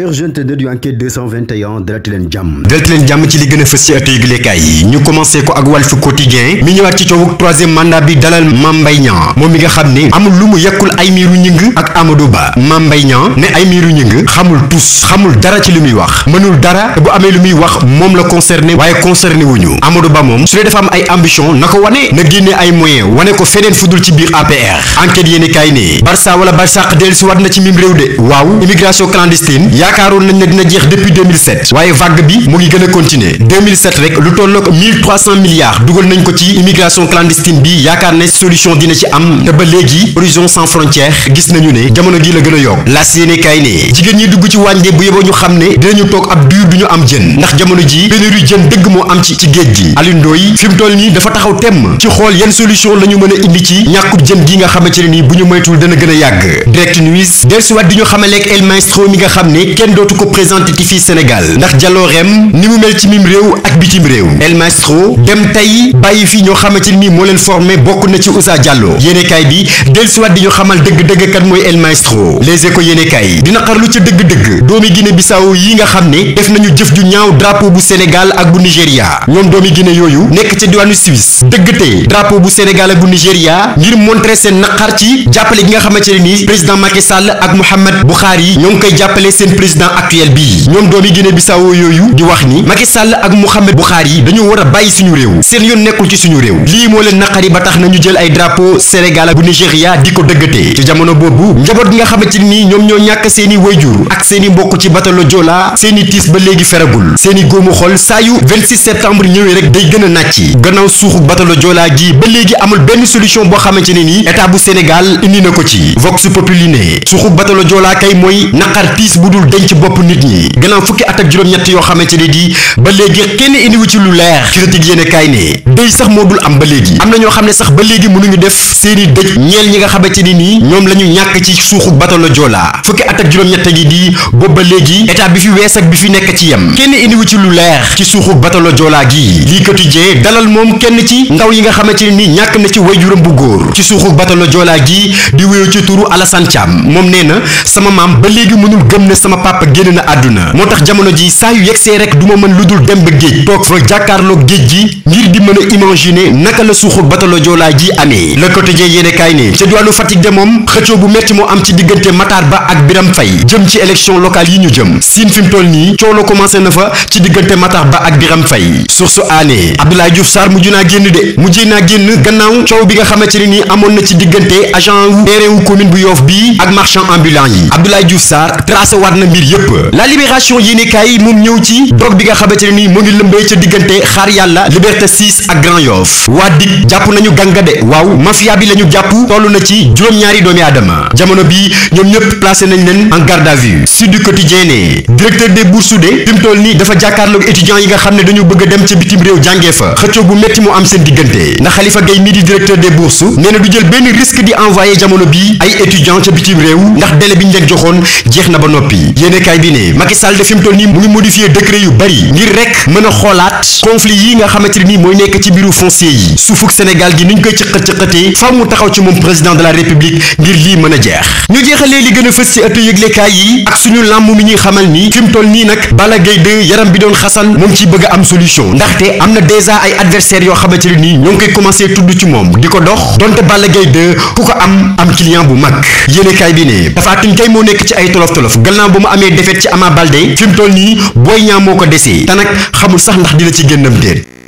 chers jeunes yu enquête 221 dalati leen jàmm dalati leen jàmm ci li gën a fës ci ëttu yëglekaay yi ñu commencé ko ak Walf Quotidien mi ñëwaat ci coowuk troisième mandat bi dalal Mame moom mi nga xam ne amul lu mu yekkul Aymérou Gningue ak Amadou Ba Mame Mbaye Niang ne Aymérou xamul tus xamul dara ci li muy wax mënul dara te bu amee lu muy wax moom la concerné waaye concerné wuñu Amadou Ba moom su dee dafa am ay ambition na ko wane na génnee ay moyen wane ko feneen fudul ci biir APR enquête yéeni kaay ne Barça wala Barsàq dellu si waat yaakaaroon nañ ne dina jeex depuis 2007 waaye vague bi mu ngi gën a rek lu toll ak milliards dugal nañ ko ci immigration clandestine bi yaakaar ne solution dina ci am te ba léegi horizon sans frontières gis nañu ne jamono gi la gën a yokk las yéene jigéen ñi dugg ci wàññi bu yeboo ñu xam ne dinañu toog ab duur du am jën ndax jamono ji pénurie jën dëgg moo am ci géej gi Alioune Ndoye toll nii dafa taxaw temm ci xool yan solution la a indi a yàgg direct news kenn dootu ko présenté ti fii Sénégal ndax jalooreem ni mu mel ci mim réew ak bitim réew El Maestro dem tey bàyyi fi ñoo xamante ni moo leen formé bokk na ci Ousa Diallo yéenekaay bi dellusiwaat di ñu xamal dëgg-dëgg kat mooy El Maestro Les Échos yéenekaay dina xarlu ca dëgg-dëgg doomi Guinée Bissau yi nga xam ni def nañu jëf ju ñaaw drapeau bu Sénégal ak bu Nigéria ñoom doomi Guinée yooyu nekk ca diwaanu dëgg te drapeau bu Sénégal ak bu Nigéria ngir montrer seen naqar ci jàppale gi nga xamante ne ni président Macky Sall ak Mouhamed Buhari ñoo ngi koy jàppale seen président actuel bii ñoom doomi Guinée Bissau yooyu di wax ni Macky Sall ak Mouhamed Buhari yi war a bàyyi suñu réew seen yoon nekkul ci suñu réew lii moo leen naqari ba tax na ñu jël ay drapeau Sénégal bu Nigéria di ko dëggatee ci jamono boobu njaboot gi nga xamante ni ñoom ñoo ñàkk seeni wayjur ak seeni mbokk ci batalo Joola seeni tiis ba léegi feragul seeni góomu xol saa yu 26 septembre ñëwee rek day gën a nàcci gannaaw suuxu batalo Joola gi ba benn solution boo xamante ne ni état bu Sénégal indi na ko ci Vox Populi ne suuxu batalo Joola kay dañ ci bopp nit ñi gannaaw fukki at ak juróom-ñett yoo xamante ni di ba léegi kenn indiwu ci lu leer critique yéene kaay ne dëj sax moo dul am ba léegi am na ñoo xam ne sax ba léegi mënuñu def seeni dëj ñeel ñi nga xamante ni nii ñoom la ñu ñàkk ci suuxu bato la Joola fukki at ak gi di boobu ba léegi état bi fi wees ak bi fi nekk ci yem kenn indiwu ci lu leer ci suuxu bato la Joola gi lii quotidien dalal moom kenn ci ndaw yi nga xamante ne nii ñàkk na ci wayjuram bu góor ci suuxu bato la Joola di wéyu ci turu Alassane Thiam moom nee na sama maam ba léegi mënul gëm sama papa génn na àdduna moo tax jamono ji saa yu yegsee rek du ma mën lu dul dem ba géej toog fa jàkkaarloog géej gi ngir di mën a imaginer naka la suuxu batalo joolaa ji amee Le Quotidien yéenekaay ne ca diwaanu Fatick de moom xëccoo bu metti moo am ci diggante Matar Ba ak Biram Fay jëm ci élection locale yi ñu jëm siin fi mu toll nii coono commencé na fa ci diggante Matar Ba ak Biram Fay source aané Abdoulaye Diouf Sarr mujj naa génn de mujj naa génn gannaaw coow bi nga xamante ne nii amoon na ci diggante agent wu commune bu Yoff bi ak marchand ambulant yi mbir yëpp la libération yéenekaay moom ñëw ci dog bi nga xamante ne nii mu ngi lëmbee ca diggante xaar yàlla liberté 6 ak Grand Yoff waa dik jàpp nañu gàngade waaw mafia bi la ñu jàpp toll na ci juróom-ñaari doomi aadama jamono bi ñoom ñëpp placé nañ leen en garde à vue Sud du Quotidien ne directeur des bourses de fi mu nii dafa jàkkaarloog étudiants yi nga xam ne dañu bëgg a dem ca bitim réew jàngee fa xëccoo bu métti mu am seen diggante ndax Khalifa Gaye mii di directeur des bourses nee na du jël benn risque di envoyé jamono bi ay étudiants ca réew ndax délai bi ñu leen joxoon jeex na ba noppi yéenekaay bi ne Macky Sall de fi mu toll nii mu ngi modifié décret yu bari ngir rek mën a xoolaat conflit yi nga xamante ne nii mooy nekk ci biiru foncier yi suufuk Sénégal gi niñ koy cëqat-cëqatee faaw mu taxaw ci moom président de la république ngir lii mën a jeex ñu jeexalee li gën a fës ci ëttu yëglekaay yi ak suñu làmb mi ñuy xamal ni fi mu toll nii nag bala Gaye yaram bi doon xasan moom ci bëgg am solution ndaxte am na déjà ay adversaires yoo xamante ne nii ñoo ngi koy commencé tudd ci moom di ko dox donte Balla Gaye 2 ku ko am am client bu mag yéenekaay bi ne Tapha Tine kay moo nekk ci ay tolof-tolof amee défaite ci Ama balde fi mu toll nii Boy Niang moo ko desee te xamul sax ndax dina ci génnam déet